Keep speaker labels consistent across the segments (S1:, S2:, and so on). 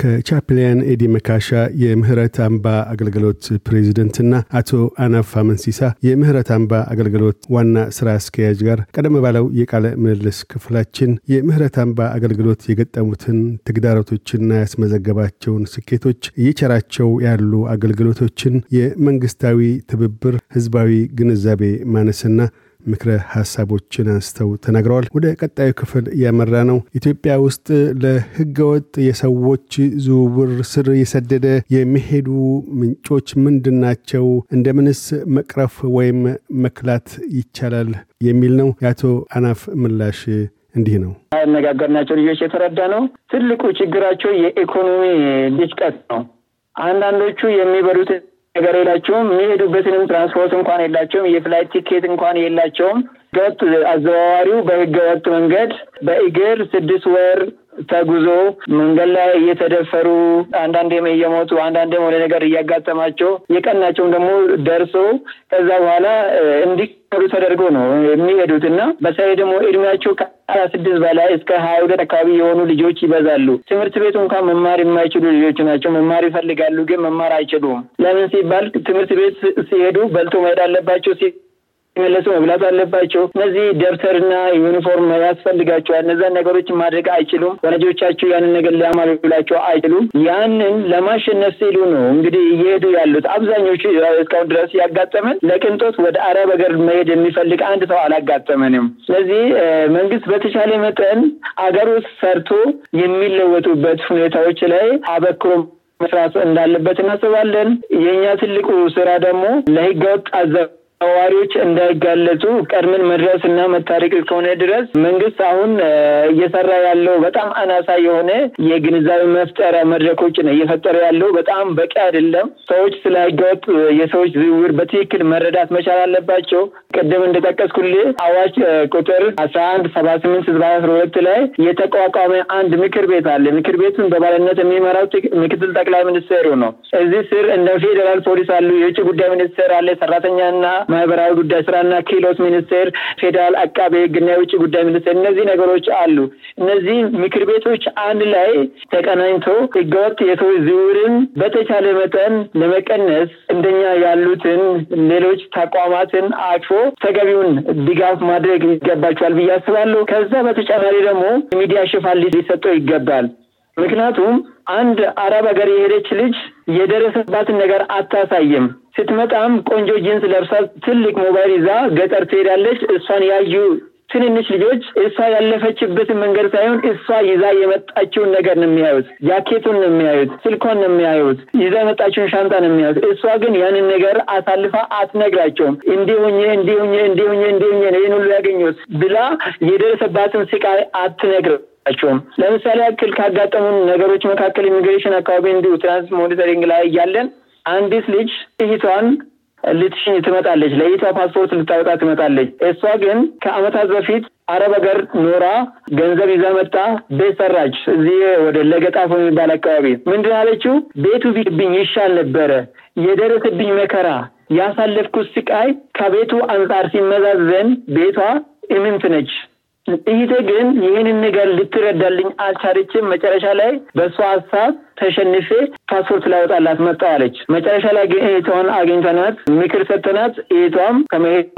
S1: ከቻፕሊያን ኤዲ መካሻ የምህረት አምባ አገልግሎት ፕሬዚደንትና አቶ አናፋ መንሲሳ የምህረት አምባ አገልግሎት ዋና ስራ አስኪያጅ ጋር ቀደም ባለው የቃለ ምልልስ ክፍላችን የምህረት አምባ አገልግሎት የገጠሙትን ትግዳሮቶችና ያስመዘገባቸውን ስኬቶች፣ እየቸራቸው ያሉ አገልግሎቶችን፣ የመንግስታዊ ትብብር፣ ህዝባዊ ግንዛቤ ማነስና ምክረ ሀሳቦችን አንስተው ተናግረዋል። ወደ ቀጣዩ ክፍል ያመራ ነው። ኢትዮጵያ ውስጥ ለህገወጥ የሰዎች ዝውውር ስር የሰደደ የሚሄዱ ምንጮች ምንድን ናቸው? እንደምንስ መቅረፍ ወይም መክላት ይቻላል? የሚል ነው። የአቶ አናፍ ምላሽ እንዲህ ነው።
S2: ያነጋገርናቸው ልጆች የተረዳ ነው። ትልቁ ችግራቸው የኢኮኖሚ ድጭቀት ነው። አንዳንዶቹ የሚበሉት ነገር የላቸውም። የሚሄዱበትንም ትራንስፖርት እንኳን የላቸውም። የፍላይት ቲኬት እንኳን የላቸውም። ገት አዘዋዋሪው በህገ መንገድ በእግር ስድስት ወር ተጉዞ መንገድ ላይ እየተደፈሩ አንዳንዴም እየሞቱ አንዳንዴም ወደ ነገር እያጋጠማቸው የቀናቸውም ደግሞ ደርሶ ከዛ በኋላ እንዲቀሩ ተደርጎ ነው የሚሄዱት እና በተለይ ደግሞ እድሜያቸው ከአስራ ስድስት በላይ እስከ ሀያ ሁለት አካባቢ የሆኑ ልጆች ይበዛሉ። ትምህርት ቤቱ እንኳን መማር የማይችሉ ልጆች ናቸው። መማር ይፈልጋሉ፣ ግን መማር አይችሉም። ለምን ሲባል ትምህርት ቤት ሲሄዱ በልቶ መሄድ አለባቸው ሲ መለሱ መብላት አለባቸው። እነዚህ ደብተርና ዩኒፎርም ያስፈልጋቸዋል። እነዛን ነገሮችን ማድረግ አይችሉም። ወላጆቻቸው ያንን ነገር ሊያሟሉላቸው አይችሉም። ያንን ለማሸነፍ ሲሉ ነው እንግዲህ እየሄዱ ያሉት አብዛኞቹ። እስካሁን ድረስ ያጋጠመን ለቅንጦት ወደ አረብ ሀገር መሄድ የሚፈልግ አንድ ሰው አላጋጠመንም። ስለዚህ መንግስት በተቻለ መጠን አገር ውስጥ ሰርቶ የሚለወጡበት ሁኔታዎች ላይ አበክሮ መስራት እንዳለበት እናስባለን። የእኛ ትልቁ ስራ ደግሞ ለህገወጥ አዘብ ነዋሪዎች እንዳይጋለጡ ቀድመን መድረስ እና መታረቅ እስከሆነ ድረስ መንግስት አሁን እየሰራ ያለው በጣም አናሳ የሆነ የግንዛቤ መፍጠሪያ መድረኮች ነው እየፈጠረ ያለው። በጣም በቂ አይደለም። ሰዎች ስለ ህገወጥ የሰዎች ዝውውር በትክክል መረዳት መቻል አለባቸው። ቅድም እንደጠቀስኩልህ አዋጅ ቁጥር አስራ አንድ ሰባ ስምንት ህዝብ አስራ ሁለት ላይ የተቋቋመ አንድ ምክር ቤት አለ። ምክር ቤቱን በባልነት የሚመራው ምክትል ጠቅላይ ሚኒስቴሩ ነው። እዚህ ስር እንደ ፌዴራል ፖሊስ አሉ፣ የውጭ ጉዳይ ሚኒስቴር አለ፣ ሰራተኛና ማህበራዊ ጉዳይ ስራና ክህሎት ሚኒስቴር፣ ፌዴራል አቃቤ ህግና የውጭ ጉዳይ ሚኒስቴር፣ እነዚህ ነገሮች አሉ። እነዚህ ምክር ቤቶች አንድ ላይ ተቀናኝቶ ህገወጥ የሰዎች ዝውውርን በተቻለ መጠን ለመቀነስ እንደኛ ያሉትን ሌሎች ተቋማትን አቅፎ ተገቢውን ድጋፍ ማድረግ ይገባቸዋል ብዬ አስባለሁ። ከዛ በተጨማሪ ደግሞ ሚዲያ ሽፋን ሊሰጠው ይገባል። ምክንያቱም አንድ አረብ ሀገር የሄደች ልጅ የደረሰባትን ነገር አታሳይም። ስትመጣም ቆንጆ ጂንስ ለብሳ ትልቅ ሞባይል ይዛ ገጠር ትሄዳለች። እሷን ያዩ ትንንሽ ልጆች እሷ ያለፈችበትን መንገድ ሳይሆን እሷ ይዛ የመጣችውን ነገር ነው የሚያዩት። ጃኬቱን ነው የሚያዩት፣ ስልኮን ነው የሚያዩት፣ ይዛ የመጣችውን ሻንጣ ነው የሚያዩት። እሷ ግን ያንን ነገር አሳልፋ አትነግራቸውም። እንዲሁኝ እንዲሁኝ እንዲሁኝ እንዲሁኝ ነው ይህን ሁሉ ያገኘሁት ብላ የደረሰባትን ስቃይ አትነግርም። አይቸውም ለምሳሌ ያክል ካጋጠሙን ነገሮች መካከል ኢሚግሬሽን አካባቢ እንዲሁ ትራንስ ሞኒተሪንግ ላይ እያለን አንዲት ልጅ እህቷን ልትሽኝ ትመጣለች። ለይቷ ፓስፖርት ልታወጣ ትመጣለች። እሷ ግን ከአመታት በፊት አረብ ሀገር ኖራ ገንዘብ ይዛ መጣ። ቤት ሰራች፣ እዚህ ወደ ለገጣፎ የሚባል አካባቢ። ምንድን አለችው? ቤቱ ቢብኝ ይሻል ነበረ። የደረሰብኝ መከራ፣ ያሳለፍኩት ስቃይ ከቤቱ አንጻር ሲመዛዘን ቤቷ ኢምንት ነች። ጽይቴ ግን ይህንን ነገር ልትረዳልኝ አልቻለችም። መጨረሻ ላይ በእሷ ሀሳብ ተሸንፌ ፓስፖርት ላወጣላት መጣ አለች። መጨረሻ ላይ ግን እህቷን አግኝተናት ምክር ሰጥተናት እህቷም ከመሄድ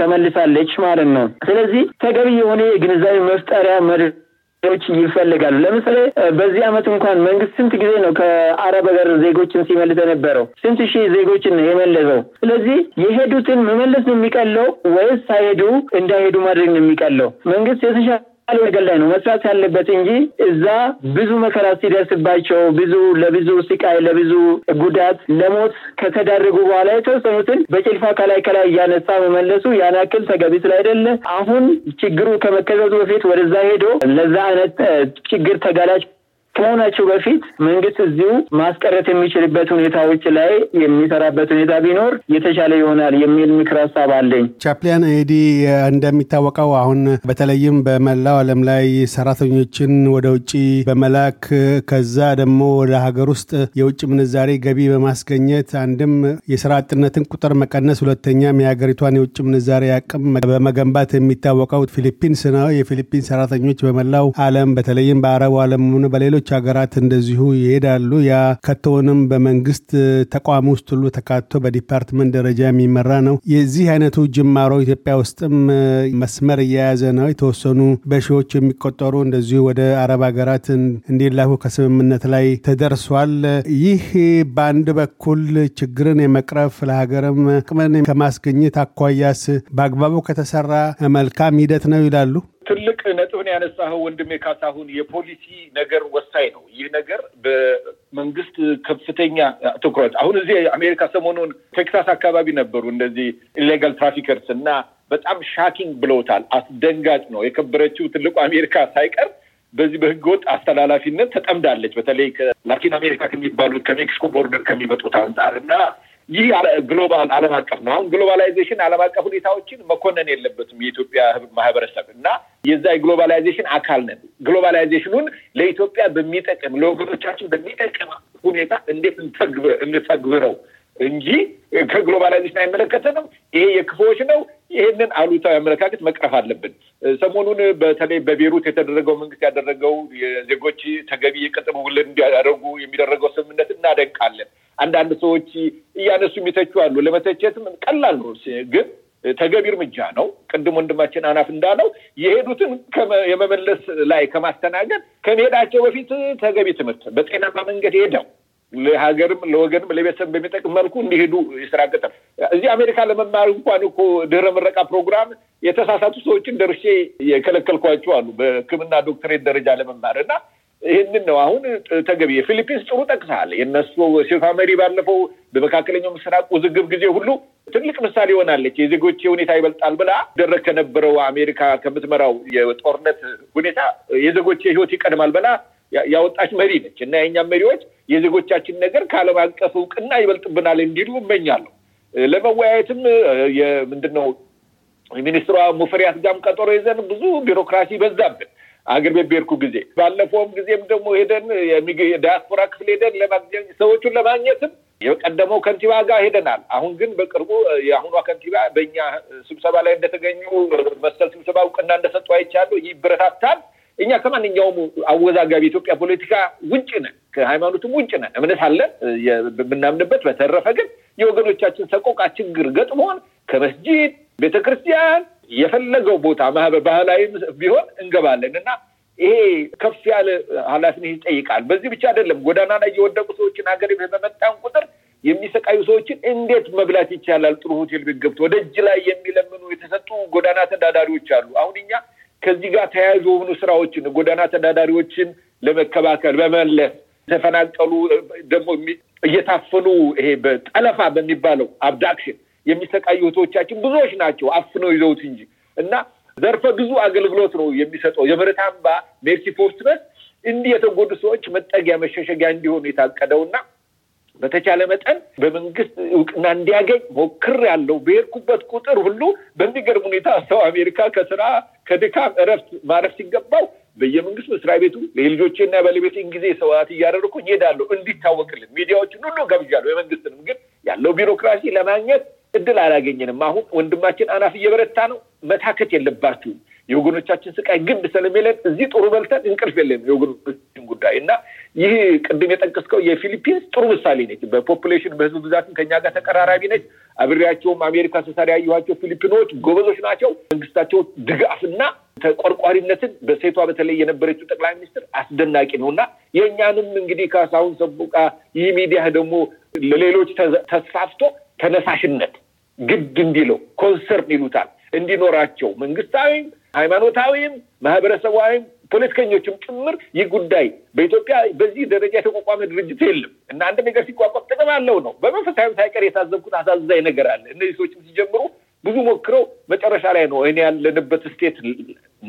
S2: ተመልሳለች ማለት ነው። ስለዚህ ተገቢ የሆነ የግንዛቤ መፍጠሪያ መድረክ ዜጎች ይፈልጋሉ። ለምሳሌ በዚህ አመት እንኳን መንግስት ስንት ጊዜ ነው ከአረብ ሀገር ዜጎችን ሲመልስ የነበረው? ስንት ሺህ ዜጎችን የመለሰው? ስለዚህ የሄዱትን መመለስ ነው የሚቀለው ወይስ ሳይሄዱ እንዳይሄዱ ማድረግ ነው የሚቀለው? መንግስት የተሻ ወንጌል ላይ ነው መስራት ያለበት እንጂ እዛ ብዙ መከራ ሲደርስባቸው ብዙ ለብዙ ስቃይ ለብዙ ጉዳት ለሞት ከተዳረጉ በኋላ የተወሰኑትን በጭልፋ ከላይ ከላይ እያነሳ መመለሱ ያናክል ተገቢ ስላይደለ አሁን ችግሩ ከመከሰቱ በፊት ወደዛ ሄዶ ለዛ አይነት ችግር ተጋላጭ ከሆናቸው በፊት መንግስት እዚሁ ማስቀረት የሚችልበት ሁኔታዎች ላይ የሚሰራበት ሁኔታ ቢኖር የተሻለ ይሆናል የሚል ምክር ሀሳብ አለኝ።
S1: ቻፕሊያን ኤዲ፣ እንደሚታወቀው አሁን በተለይም በመላው ዓለም ላይ ሰራተኞችን ወደ ውጭ በመላክ ከዛ ደግሞ ወደ ሀገር ውስጥ የውጭ ምንዛሬ ገቢ በማስገኘት አንድም የስራ አጥነትን ቁጥር መቀነስ፣ ሁለተኛም የሀገሪቷን የውጭ ምንዛሬ አቅም በመገንባት የሚታወቀው ፊሊፒንስ ነው። የፊሊፒንስ ሰራተኞች በመላው ዓለም በተለይም በአረቡ ዓለም በሌሎች ሌሎች ሀገራት እንደዚሁ ይሄዳሉ። ያ ከቶውንም በመንግስት ተቋም ውስጥ ሁሉ ተካቶ በዲፓርትመንት ደረጃ የሚመራ ነው። የዚህ አይነቱ ጅማሮ ኢትዮጵያ ውስጥም መስመር እየያዘ ነው። የተወሰኑ በሺዎች የሚቆጠሩ እንደዚሁ ወደ አረብ ሀገራት እንዲላኩ ከስምምነት ላይ ተደርሷል። ይህ በአንድ በኩል ችግርን የመቅረፍ ለሀገርም ቅመን ከማስገኘት አኳያስ በአግባቡ ከተሰራ መልካም ሂደት ነው ይላሉ።
S3: ትልቅ ነጥብን ያነሳኸው ወንድሜ ካሳሁን የፖሊሲ ነገር ወሳኝ ነው። ይህ ነገር በመንግስት ከፍተኛ ትኩረት አሁን እዚህ አሜሪካ ሰሞኑን ቴክሳስ አካባቢ ነበሩ እንደዚህ ኢሌጋል ትራፊከርስ እና በጣም ሻኪንግ ብለውታል። አስደንጋጭ ነው። የከበረችው ትልቁ አሜሪካ ሳይቀር በዚህ በህገወጥ አስተላላፊነት ተጠምዳለች። በተለይ ከላቲን አሜሪካ ከሚባሉት ከሜክሲኮ ቦርደር ከሚመጡት አንጻር እና ይህ ግሎባል ዓለም አቀፍ ነው። አሁን ግሎባላይዜሽን ዓለም አቀፍ ሁኔታዎችን መኮነን የለበትም የኢትዮጵያ ማህበረሰብ እና የዛ የግሎባላይዜሽን አካል ነን። ግሎባላይዜሽኑን ለኢትዮጵያ በሚጠቅም ለወገኖቻችን በሚጠቅም ሁኔታ እንዴት እንተግብረው እንጂ ከግሎባላይዜሽን አይመለከተንም። ይሄ የክፉዎች ነው። ይህንን አሉታዊ አመለካከት መቅረፍ አለብን። ሰሞኑን በተለይ በቤሩት የተደረገው መንግስት ያደረገው የዜጎች ተገቢ የቅጥር ውል እንዲያደርጉ የሚደረገው ስምምነት እናደንቃለን። አንዳንድ ሰዎች እያነሱ የሚተቹ አሉ። ለመተቸትም ቀላል ነው፣ ግን ተገቢ እርምጃ ነው። ቅድም ወንድማችን አናፍ እንዳለው የሄዱትን የመመለስ ላይ ከማስተናገድ ከመሄዳቸው በፊት ተገቢ ትምህርት በጤናማ መንገድ ሄደው ለሀገርም ለወገንም ለቤተሰብ በሚጠቅም መልኩ እንዲሄዱ የስራ ቅጥር እዚህ አሜሪካ ለመማር እንኳን እኮ ድህረ ምረቃ ፕሮግራም የተሳሳቱ ሰዎችን ደርሼ የከለከልኳቸው አሉ። በሕክምና ዶክትሬት ደረጃ ለመማር እና ይህንን ነው አሁን ተገቢ የፊሊፒንስ ጥሩ ጠቅሰሃል። የነሱ ሴፋ መሪ ባለፈው በመካከለኛው ምስራቅ ውዝግብ ጊዜ ሁሉ ትልቅ ምሳሌ ይሆናለች። የዜጎች ሁኔታ ይበልጣል ብላ ደረግ ከነበረው አሜሪካ ከምትመራው የጦርነት ሁኔታ የዜጎች ህይወት ይቀድማል ብላ ያወጣች መሪ ነች እና የእኛም መሪዎች የዜጎቻችን ነገር ከአለም አቀፍ እውቅና ይበልጥብናል እንዲሉ እመኛለሁ። ለመወያየትም የምንድነው ነው ሚኒስትሯ ሙፈሪያት ጋም ቀጠሮ ይዘን ብዙ ቢሮክራሲ በዛብን። አገር ቤት በሄድኩ ጊዜ ባለፈውም ጊዜም ደግሞ ሄደን ዳያስፖራ ክፍል ሄደን ለማግኘት ሰዎቹን ለማግኘትም የቀደመው ከንቲባ ጋር ሄደናል። አሁን ግን በቅርቡ የአሁኗ ከንቲባ በእኛ ስብሰባ ላይ እንደተገኙ መሰል ስብሰባ እውቅና እንደሰጡ አይቻሉ። ይበረታታል። እኛ ከማንኛውም አወዛጋቢ የኢትዮጵያ ፖለቲካ ውጭ ነን፣ ከሃይማኖትም ውጭ ነን። እምነት አለን የምናምንበት። በተረፈ ግን የወገኖቻችን ሰቆቃ ችግር ገጥሞን ከመስጂድ ቤተክርስቲያን የፈለገው ቦታ ማህበር ባህላዊም ቢሆን እንገባለን እና ይሄ ከፍ ያለ ኃላፊነት ይጠይቃል። በዚህ ብቻ አይደለም። ጎዳና ላይ የወደቁ ሰዎችን ሀገር በመጣን ቁጥር የሚሰቃዩ ሰዎችን እንዴት መብላት ይቻላል? ጥሩ ሆቴል ቤት ወደ እጅ ላይ የሚለምኑ የተሰጡ ጎዳና ተዳዳሪዎች አሉ። አሁን እኛ ከዚህ ጋር ተያይዞ የሆኑ ስራዎችን ጎዳና ተዳዳሪዎችን ለመከባከል በመለስ የተፈናቀሉ ደግሞ እየታፈኑ ይሄ በጠለፋ በሚባለው አብዳክሽን የሚሰቃዩ እህቶቻችን ብዙዎች ናቸው አፍነው ይዘውት እንጂ እና ዘርፈ ብዙ አገልግሎት ነው የሚሰጠው። የምህረት አምባ ሜርሲ ፎርትበስ እንዲህ የተጎዱ ሰዎች መጠጊያ መሸሸጊያ እንዲሆኑ የታቀደው የታቀደውና በተቻለ መጠን በመንግስት እውቅና እንዲያገኝ ሞክር ያለው በሄድኩበት ቁጥር ሁሉ በሚገርም ሁኔታ ሰው አሜሪካ ከስራ ከድካም እረፍት ማረፍ ሲገባው በየመንግስት መስሪያ ቤቱ ለልጆቼ እና ባለቤቴን ጊዜ ሰዋት እያደረኩ እሄዳለሁ። እንዲታወቅልን ሚዲያዎችን ሁሉ ገብዣለሁ። የመንግስትንም ግን ያለው ቢሮክራሲ ለማግኘት እድል አላገኘንም። አሁን ወንድማችን አናፍ እየበረታ ነው። መታከት የለባችሁም። የወገኖቻችን ስቃይ ግድ ስለሚለን እዚህ ጥሩ በልተን እንቅልፍ የለን። የወገኖችን ጉዳይ እና ይህ ቅድም የጠቀስከው የፊሊፒንስ ጥሩ ምሳሌ ነች። በፖፑሌሽን በህዝብ ብዛትም ከኛ ጋር ተቀራራቢ ነች። አብሬያቸውም አሜሪካ ስሰራ ያየኋቸው ፊሊፒኖች ጎበዞች ናቸው። መንግስታቸው ድጋፍና ተቆርቋሪነትን በሴቷ በተለይ የነበረችው ጠቅላይ ሚኒስትር አስደናቂ ነው እና የእኛንም እንግዲህ ካሳሁን ሰቦቃ ይህ ሚዲያ ደግሞ ለሌሎች ተስፋፍቶ ተነሳሽነት ግድ እንዲለው ኮንሰርን ይሉታል እንዲኖራቸው መንግስታዊም፣ ሃይማኖታዊም፣ ማህበረሰባዊም ፖለቲከኞችም ጭምር ይህ ጉዳይ በኢትዮጵያ በዚህ ደረጃ የተቋቋመ ድርጅት የለም እና አንድ ነገር ሲቋቋም ጥቅም አለው ነው። በመንፈሳዊ ሳይቀር የታዘብኩት አሳዛኝ ነገር አለ። እነዚህ ሰዎችም ሲጀምሩ ብዙ ሞክረው መጨረሻ ላይ ነው እኔ ያለንበት ስቴት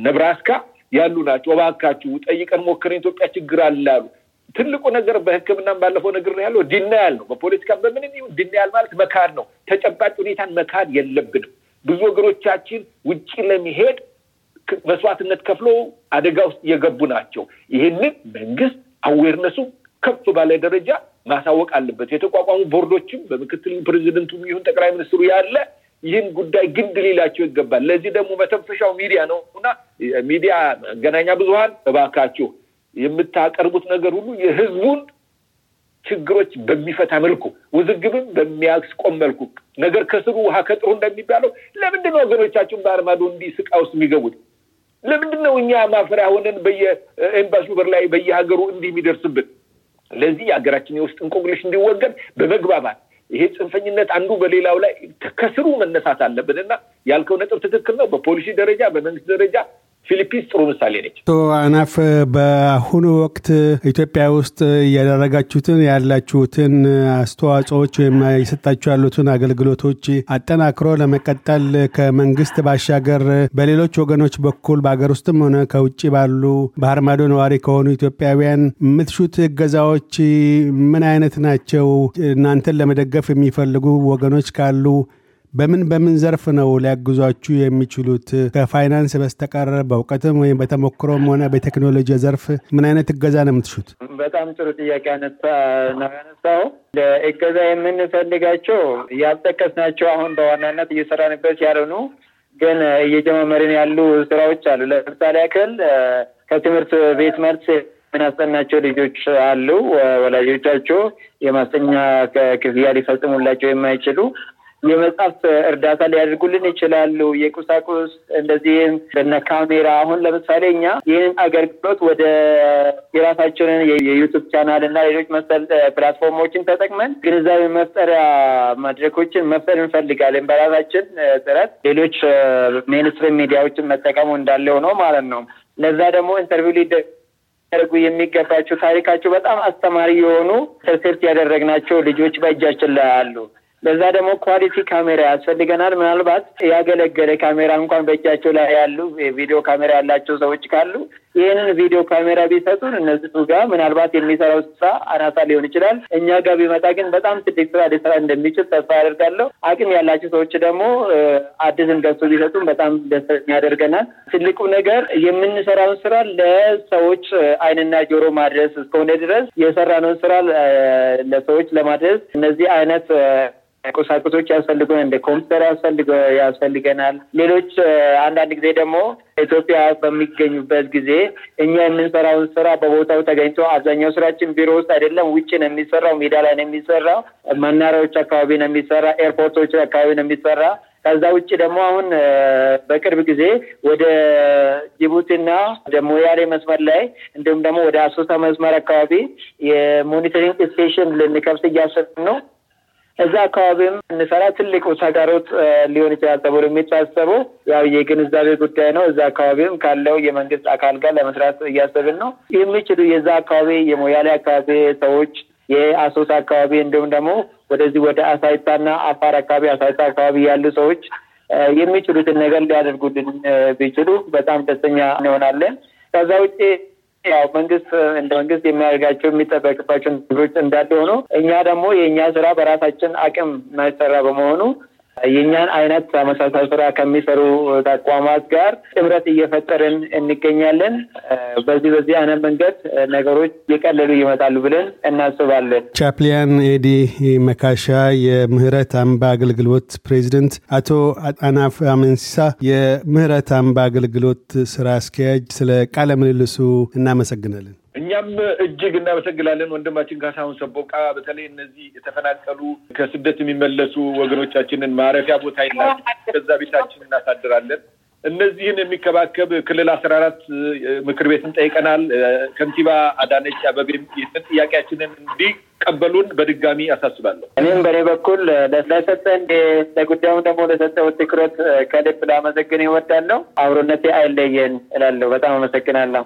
S3: ነብራስካ ያሉ ናቸው። እባካችሁ ጠይቀን ሞክረን ኢትዮጵያ ችግር አለ አሉ። ትልቁ ነገር በህክምና ባለፈው ነገር ነው ያለው ዲናያል ነው። በፖለቲካ በምንም ይሁን ዲናያል ማለት መካድ ነው። ተጨባጭ ሁኔታን መካድ የለብንም። ብዙ ወገኖቻችን ውጭ ለመሄድ መስዋዕትነት ከፍሎ አደጋ ውስጥ የገቡ ናቸው። ይህንን መንግስት አዌርነሱ ከፍ ባለ ደረጃ ማሳወቅ አለበት። የተቋቋሙ ቦርዶችም በምክትል ፕሬዚደንቱ ይሁን ጠቅላይ ሚኒስትሩ ያለ ይህን ጉዳይ ግድ ሊላቸው ይገባል። ለዚህ ደግሞ መተንፈሻው ሚዲያ ነው እና ሚዲያ መገናኛ ብዙሀን እባካችሁ የምታቀርቡት ነገር ሁሉ የህዝቡን ችግሮች በሚፈታ መልኩ ውዝግብም በሚያስቆም መልኩ ነገር ከስሩ ውሃ ከጥሩ እንደሚባለው ለምንድን ነው ወገኖቻችሁን በአርማዶ እንዲህ ስቃ ውስጥ የሚገቡት? ለምንድን ነው እኛ ማፈሪያ ሆነን በየኤምባሲ በር ላይ በየሀገሩ እንዲህ የሚደርስብን? ለዚህ የሀገራችን የውስጥ እንቆቅልሽ እንዲወገድ በመግባባት ይሄ ጽንፈኝነት አንዱ በሌላው ላይ ከስሩ መነሳት አለብን እና ያልከው ነጥብ ትክክል ነው። በፖሊሲ ደረጃ በመንግስት ደረጃ ፊሊፒንስ ጥሩ ምሳሌ
S1: ነች። አቶ አናፍ በአሁኑ ወቅት ኢትዮጵያ ውስጥ እያደረጋችሁትን ያላችሁትን አስተዋጽኦዎች ወይም የሰጣችሁ ያሉትን አገልግሎቶች አጠናክሮ ለመቀጠል ከመንግስት ባሻገር በሌሎች ወገኖች በኩል በሀገር ውስጥም ሆነ ከውጭ ባሉ ባህር ማዶ ነዋሪ ከሆኑ ኢትዮጵያውያን የምትሹት እገዛዎች ምን አይነት ናቸው? እናንተን ለመደገፍ የሚፈልጉ ወገኖች ካሉ በምን በምን ዘርፍ ነው ሊያግዟችሁ የሚችሉት? ከፋይናንስ በስተቀር በእውቀትም ወይም በተሞክሮም ሆነ በቴክኖሎጂ ዘርፍ ምን አይነት እገዛ ነው የምትሹት?
S2: በጣም ጥሩ ጥያቄ አነሳ ነው ያነሳው። ለእገዛ የምንፈልጋቸው ያልጠቀስናቸው አሁን በዋናነት እየሰራንበት ያልሆኑ ግን እየጀማመርን ያሉ ስራዎች አሉ። ለምሳሌ ያክል ከትምህርት ቤት መልስ የምናስጠናቸው ልጆች አሉ። ወላጆቻቸው የማስጠኛ ክፍያ ሊፈጽሙላቸው የማይችሉ የመጽሐፍ እርዳታ ሊያደርጉልን ይችላሉ። የቁሳቁስ እንደዚህም በነ ካሜራ አሁን ለምሳሌ እኛ ይህን አገልግሎት ወደ የራሳችንን የዩቱብ ቻናል እና ሌሎች መሰል ፕላትፎርሞችን ተጠቅመን ግንዛቤ መፍጠሪያ መድረኮችን መፍጠር እንፈልጋለን። በራሳችን ጥረት ሌሎች ሜንስትሪም ሚዲያዎችን መጠቀሙ እንዳለው ነው ማለት ነው። ለዛ ደግሞ ኢንተርቪው ሊደ ያደርጉ የሚገባቸው ታሪካቸው በጣም አስተማሪ የሆኑ ሰርሴርት ያደረግናቸው ልጆች በእጃችን ላይ አሉ። በዛ ደግሞ ኳሊቲ ካሜራ ያስፈልገናል። ምናልባት ያገለገለ ካሜራ እንኳን በእጃቸው ላይ ያሉ ቪዲዮ ካሜራ ያላቸው ሰዎች ካሉ ይህንን ቪዲዮ ካሜራ ቢሰጡን እነሱ ጋር ምናልባት የሚሰራው ስራ አናሳ ሊሆን ይችላል። እኛ ጋር ቢመጣ ግን በጣም ትልቅ ስራ ሊሰራ እንደሚችል ተስፋ አደርጋለሁ። አቅም ያላቸው ሰዎች ደግሞ አዲስን ገሱ ቢሰጡን በጣም ደስ ያደርገናል። ትልቁ ነገር የምንሰራውን ስራ ለሰዎች አይንና ጆሮ ማድረስ እስከሆነ ድረስ የሰራነውን ስራ ለሰዎች ለማድረስ እነዚህ አይነት ቁሳቁሶች ያስፈልጉን እንደ ኮምፒውተር ያስፈልገ ያስፈልገናል። ሌሎች አንዳንድ ጊዜ ደግሞ ኢትዮጵያ በሚገኙበት ጊዜ እኛ የምንሰራውን ስራ በቦታው ተገኝቶ አብዛኛው ስራችን ቢሮ ውስጥ አይደለም፣ ውጭ ነው የሚሰራው፣ ሜዳ ላይ ነው የሚሰራው፣ መናሪያዎች አካባቢ ነው የሚሰራ፣ ኤርፖርቶች አካባቢ ነው የሚሰራ። ከዛ ውጭ ደግሞ አሁን በቅርብ ጊዜ ወደ ጅቡቲና ወደ ሞያሌ መስመር ላይ እንዲሁም ደግሞ ወደ አሶሳ መስመር አካባቢ የሞኒተሪንግ ስቴሽን ልንከፍት እያሰብን ነው። እዛ አካባቢም እንሰራ ትልቁ ተግዳሮት ሊሆን ይችላል ተብሎ የሚታሰበው ያው የግንዛቤ ጉዳይ ነው። እዛ አካባቢም ካለው የመንግስት አካል ጋር ለመስራት እያሰብን ነው። የሚችሉ የዛ አካባቢ የሞያሌ አካባቢ ሰዎች የአሶት አካባቢ እንዲሁም ደግሞ ወደዚህ ወደ አሳይታና አፋር አካባቢ አሳይታ አካባቢ ያሉ ሰዎች የሚችሉትን ነገር ሊያደርጉልን ቢችሉ በጣም ደስተኛ እንሆናለን። ከዛ ውጭ ያው መንግስት እንደ መንግስት የሚያደርጋቸው የሚጠበቅባቸው ነገሮች እንዳለ ሆኖ እኛ ደግሞ የእኛ ስራ በራሳችን አቅም ማይሰራ በመሆኑ የእኛን አይነት ተመሳሳይ ስራ ከሚሰሩ ተቋማት ጋር ጥምረት እየፈጠርን እንገኛለን። በዚህ በዚህ አይነት መንገድ ነገሮች እየቀለሉ ይመጣሉ ብለን እናስባለን።
S1: ቻፕሊያን ኤዲ መካሻ የምህረት አምባ አገልግሎት ፕሬዚደንት፣ አቶ አጣናፍ አመንሲሳ የምህረት አምባ አገልግሎት ስራ አስኪያጅ፣ ስለ ቃለ ምልልሱ እናመሰግናለን።
S3: እኛም እጅግ እናመሰግናለን ወንድማችን ካሳሁን ሰቦቃ። በተለይ እነዚህ የተፈናቀሉ ከስደት የሚመለሱ ወገኖቻችንን ማረፊያ ቦታ ይላ ከዛ ቤታችን እናሳድራለን። እነዚህን የሚከባከብ ክልል አስራ አራት ምክር ቤትን ጠይቀናል። ከንቲባ አዳነች አበቤም ይህንን ጥያቄያችንን እንዲቀበሉን በድጋሚ አሳስባለሁ።
S2: እኔም በእኔ በኩል ለሰጠን ለጉዳዩም ደግሞ ለሰጠው ትኩረት ከልብ ላመሰግን ይወዳለው አብሮነቴ አይለየን እላለሁ። በጣም አመሰግናለሁ።